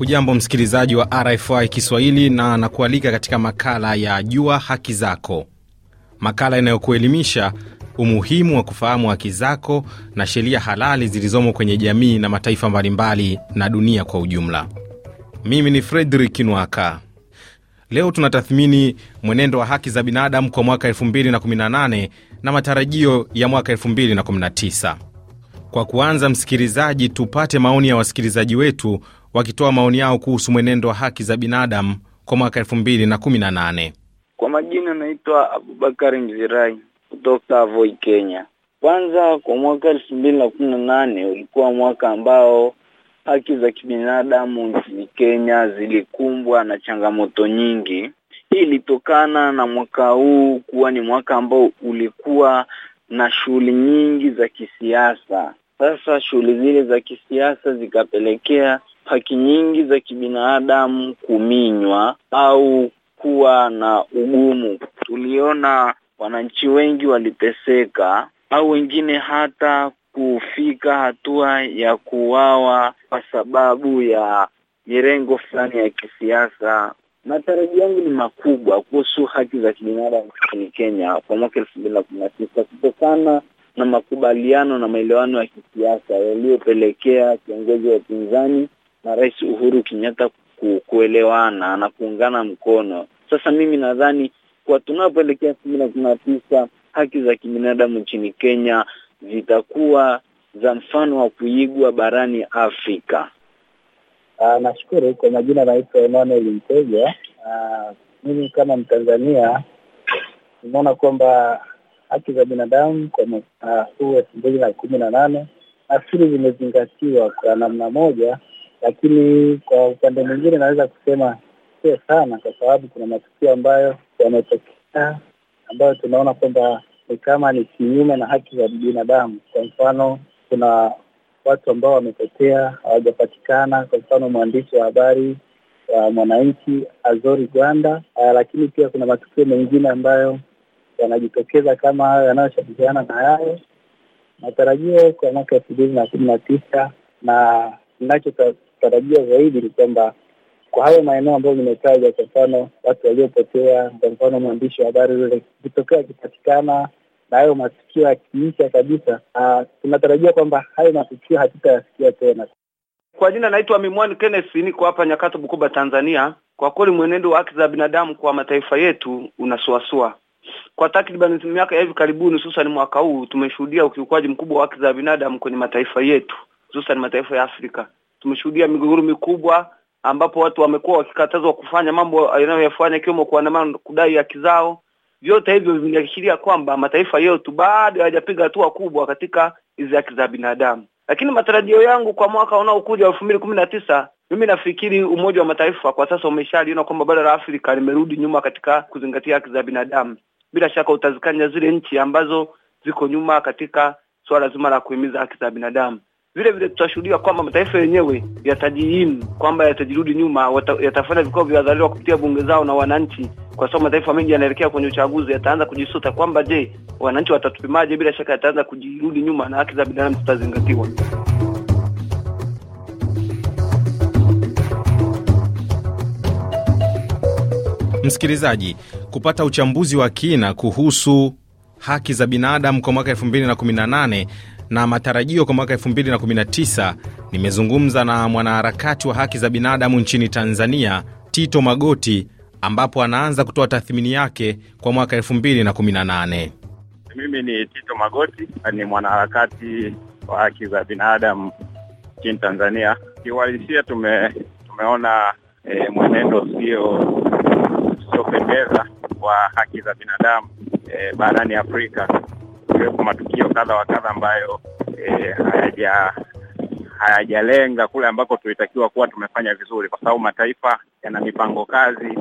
Hujambo msikilizaji wa RFI Kiswahili na nakualika katika makala ya Jua Haki Zako, makala inayokuelimisha umuhimu wa kufahamu haki zako na sheria halali zilizomo kwenye jamii na mataifa mbalimbali na dunia kwa ujumla. Mimi ni Fredrik Nwaka. Leo tunatathmini mwenendo wa haki za binadamu kwa mwaka 2018 na matarajio ya mwaka 2019. Kwa kuanza, msikilizaji, tupate maoni ya wasikilizaji wetu wakitoa maoni yao kuhusu mwenendo wa haki za binadamu kwa mwaka elfu mbili na kumi na nane. Kwa majina anaitwa Abubakari Mzirai kutoka Voi, Kenya. Kwanza, kwa mwaka elfu mbili na kumi na nane ulikuwa mwaka ambao haki za kibinadamu nchini Kenya zilikumbwa na changamoto nyingi. Hii ilitokana na mwaka huu kuwa ni mwaka ambao ulikuwa na shughuli nyingi za kisiasa. Sasa shughuli zile za kisiasa zikapelekea haki nyingi za kibinadamu kuminywa au kuwa na ugumu. Tuliona wananchi wengi waliteseka au wengine hata kufika hatua ya kuuawa kwa sababu ya mirengo fulani ya kisiasa. Matarajio yangu ni makubwa kuhusu haki za kibinadamu nchini Kenya kwa mwaka elfu mbili na kumi na tisa kutokana na makubaliano na maelewano ya kisiasa yaliyopelekea kiongozi wa upinzani na Rais Uhuru Kenyatta kuelewana na kuungana mkono. Sasa mimi nadhani kwa tunapoelekea elfu mbili na kumi na tisa haki za kibinadamu nchini Kenya zitakuwa za mfano wa kuigwa barani Afrika. Uh, nashukuru kwa majina naitwa Emmanuel Mteja. Uh, mimi kama Mtanzania nimeona kwamba haki za binadamu kwa mwaka huu elfu mbili na kumi na nane nafikiri zimezingatiwa kwa namna moja lakini kwa upande mwingine naweza kusema sio sana, kwa sababu kuna matukio ambayo yametokea ambayo tunaona kwamba ni kama ni kinyume na haki za binadamu. Kwa mfano, kuna watu ambao wamepotea hawajapatikana, kwa mfano mwandishi wa habari wa Mwananchi Azori Gwanda. Ah, lakini pia kuna matukio mengine ambayo yanajitokeza kama hayo yanayoshabihiana na hayo matarajio kwa mwaka elfu mbili na kumi na tisa na inacho kutarajia zaidi ni kwamba kwa hayo maeneo ambayo nimetaja, kwa mfano watu waliopotea, kwa mfano mwandishi wa habari yule, kitokeo akipatikana na hayo matukio yakiisha kabisa, ah, tunatarajia kwamba hayo matukio hatutayasikia tena. Kwa jina naitwa Mimwani Kenneth, niko hapa Nyakato, Bukoba, Tanzania. Kwa kweli mwenendo wa haki za binadamu kwa mataifa yetu unasuasua. Kwa takriban miaka ya hivi karibuni, hususan mwaka huu, tumeshuhudia ukiukwaji mkubwa wa haki za binadamu kwenye mataifa yetu, hususan mataifa ya Afrika tumeshuhudia migogoro mikubwa ambapo watu wamekuwa wakikatazwa kufanya mambo yanayoyafanya ikiwemo kuandamana kudai haki zao. Vyote hivyo vinaashiria kwamba mataifa yetu bado hayajapiga hatua kubwa katika hizi haki za binadamu. Lakini matarajio yangu kwa mwaka unaokuja elfu mbili kumi na tisa mimi nafikiri Umoja wa Mataifa kwa sasa umeshaliona kwamba bara la Afrika limerudi nyuma katika kuzingatia haki za binadamu. Bila shaka utazikanya zile nchi ambazo ziko nyuma katika suala zima la kuhimiza haki za binadamu vile vile tutashuhudia kwamba mataifa yenyewe yatajiimu kwamba yatajirudi nyuma, yatafanya vikao vya wazaliwa kupitia bunge zao na wananchi, kwa sababu mataifa mengi yanaelekea kwenye uchaguzi, yataanza kujisuta kwamba je, wananchi watatupimaje? Bila shaka yataanza kujirudi nyuma na haki za binadamu zitazingatiwa. Msikilizaji, kupata uchambuzi wa kina kuhusu haki za binadamu kwa mwaka 2018 na matarajio kwa mwaka 2019, nimezungumza na mwanaharakati wa haki za binadamu nchini Tanzania, Tito Magoti, ambapo anaanza kutoa tathmini yake kwa mwaka 2018. Mimi ni Tito Magoti, ni mwanaharakati wa haki za binadamu nchini Tanzania. Kiuhalisia tume, tumeona e, mwenendo usio usiopendeza wa haki za binadamu e, barani Afrika kuwepo matukio kadha wa kadha ambayo e, hayaja hayajalenga kule ambako tulitakiwa kuwa tumefanya vizuri, kwa sababu mataifa yana mipango kazi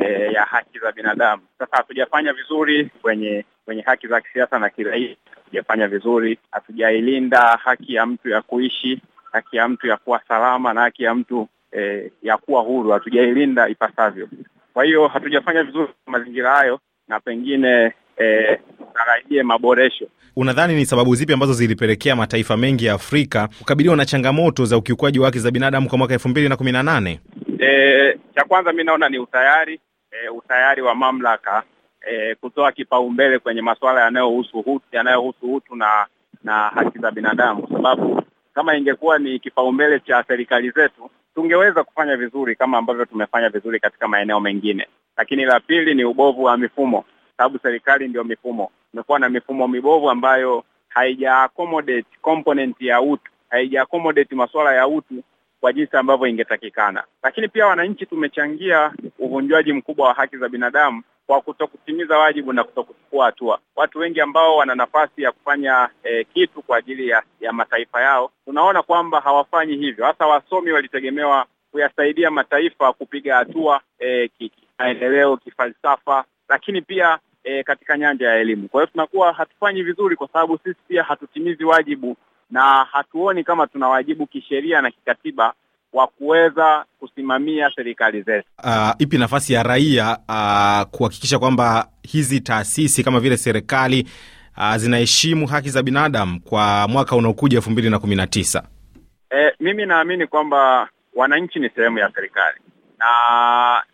e, ya haki za binadamu. Sasa hatujafanya vizuri kwenye kwenye haki za kisiasa na kiraia, hatujafanya vizuri, hatujailinda haki ya mtu ya kuishi, haki ya mtu ya kuwa salama na haki ya mtu e, ya kuwa huru, hatujailinda ipasavyo. Kwa hiyo hatujafanya vizuri mazingira hayo, na pengine e, tutarajie maboresho. Unadhani ni sababu zipi ambazo zilipelekea mataifa mengi ya Afrika kukabiliwa na changamoto za ukiukwaji wa haki za binadamu kwa mwaka elfu mbili na kumi na nane? E, cha kwanza mi naona ni utayari e, utayari wa mamlaka e, kutoa kipaumbele kwenye masuala yanayohusu utu yanayohusu utu na na haki za binadamu, kwa sababu kama ingekuwa ni kipaumbele cha serikali zetu tungeweza kufanya vizuri kama ambavyo tumefanya vizuri katika maeneo mengine. Lakini la pili ni ubovu wa mifumo, sababu serikali ndio mifumo umekuwa na mifumo mibovu ambayo haija accommodate component ya utu, haija accommodate masuala ya utu kwa jinsi ambavyo ingetakikana. Lakini pia wananchi tumechangia uvunjwaji mkubwa wa haki za binadamu kwa kutokutimiza wajibu na kutokuchukua hatua. Watu wengi ambao wana nafasi ya kufanya eh, kitu kwa ajili ya, ya mataifa yao, tunaona kwamba hawafanyi hivyo. Hasa wasomi walitegemewa kuyasaidia mataifa kupiga hatua eh, kimaendeleo, kifalsafa, lakini pia e, katika nyanja ya elimu. Kwa hiyo tunakuwa hatufanyi vizuri kwa sababu sisi pia hatutimizi wajibu na hatuoni kama tuna wajibu kisheria na kikatiba wa kuweza kusimamia serikali zetu. Uh, ipi nafasi ya raia uh, kuhakikisha kwamba hizi taasisi kama vile serikali uh, zinaheshimu haki za binadamu kwa mwaka unaokuja elfu mbili na kumi na tisa? E, mimi naamini kwamba wananchi ni sehemu ya serikali na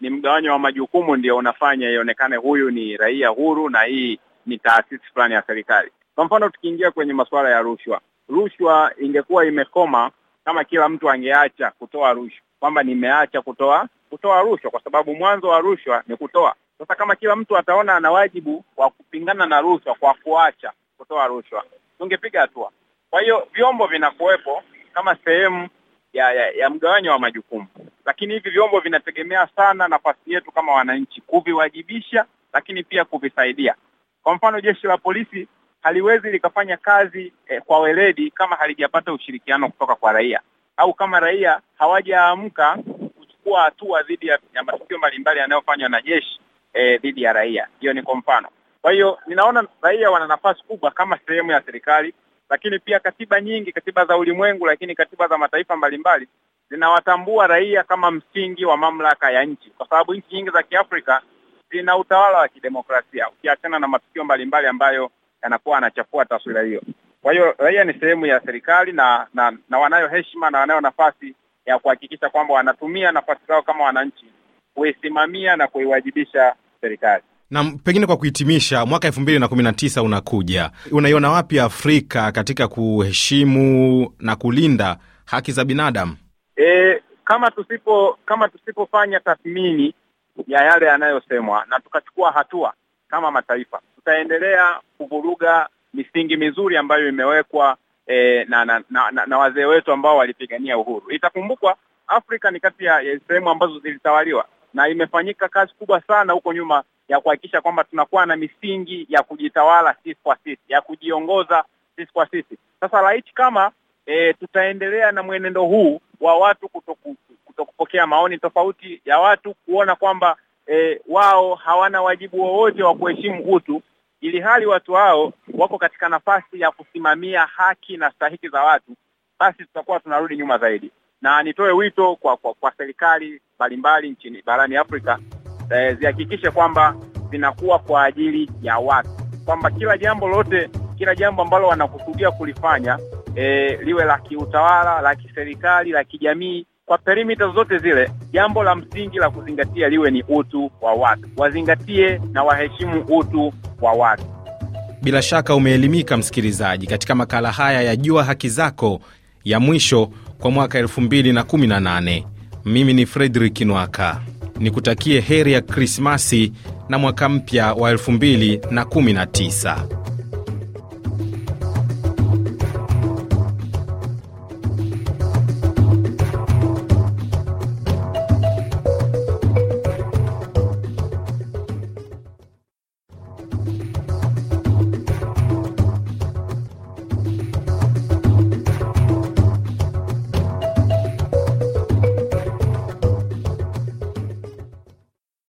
ni mgawanyo wa majukumu ndio unafanya ionekane huyu ni raia huru na hii ni taasisi fulani ya serikali. Kwa mfano, tukiingia kwenye masuala ya rushwa, rushwa ingekuwa imekoma kama kila mtu angeacha kutoa rushwa, kwamba nimeacha kutoa kutoa rushwa, kwa sababu mwanzo wa rushwa ni kutoa. Sasa kama kila mtu ataona ana wajibu wa kupingana na rushwa kwa kuacha kutoa rushwa, tungepiga hatua. Kwa hiyo vyombo vinakuwepo kama sehemu ya, ya, ya mgawanyo wa majukumu lakini hivi vyombo vinategemea sana nafasi yetu kama wananchi kuviwajibisha, lakini pia kuvisaidia. Kwa mfano, jeshi la polisi haliwezi likafanya kazi eh, kwa weledi kama halijapata ushirikiano kutoka kwa raia au kama raia hawajaamka kuchukua hatua dhidi ya, ya matukio mbalimbali yanayofanywa na jeshi eh, dhidi ya raia. Hiyo ni kwa mfano. Kwa hiyo ninaona raia wana nafasi kubwa kama sehemu ya serikali lakini pia katiba nyingi, katiba za ulimwengu, lakini katiba za mataifa mbalimbali zinawatambua raia kama msingi wa mamlaka ya nchi, kwa sababu nchi nyingi za Kiafrika zina utawala wa kidemokrasia, ukiachana na matukio mbalimbali ambayo yanakuwa anachafua taswira hiyo. Kwa hiyo raia ni sehemu ya serikali na, na, na wanayo heshima na wanayo nafasi ya kuhakikisha kwamba wanatumia nafasi zao kama wananchi kuisimamia na kuiwajibisha serikali. Na pengine kwa kuhitimisha, mwaka elfu mbili na kumi na tisa unakuja, unaiona wapi Afrika katika kuheshimu na kulinda haki za binadamu? E, kama tusipo kama tusipofanya tathmini ya yale yanayosemwa na tukachukua hatua kama mataifa, tutaendelea kuvuruga misingi mizuri ambayo imewekwa e, na, na, na, na, na wazee wetu ambao walipigania uhuru. Itakumbukwa Afrika ni kati ya sehemu ambazo zilitawaliwa na imefanyika kazi kubwa sana huko nyuma ya kuhakikisha kwamba tunakuwa na misingi ya kujitawala sisi kwa sisi, ya kujiongoza sisi kwa sisi. Sasa laiti kama e, tutaendelea na mwenendo huu wa watu kutokupokea maoni tofauti ya watu, kuona kwamba e, wao hawana wajibu wowote wa kuheshimu utu, ili hali watu hao wako katika nafasi ya kusimamia haki na stahiki za watu, basi tutakuwa tunarudi nyuma zaidi. Na nitoe wito kwa, kwa, kwa serikali mbalimbali nchini barani Afrika eh, zihakikishe kwamba zinakuwa kwa ajili ya watu, kwamba kila jambo lote kila jambo ambalo wanakusudia kulifanya eh, liwe la kiutawala, la kiserikali, la kijamii kwa perimita zote zile, jambo la msingi la kuzingatia liwe ni utu wa watu, wazingatie na waheshimu utu wa watu. Bila shaka umeelimika msikilizaji, katika makala haya ya Jua Haki Zako ya mwisho kwa mwaka 2018. Mimi ni Fredrik Nwaka ni kutakie heri ya Krismasi na mwaka mpya wa 2019.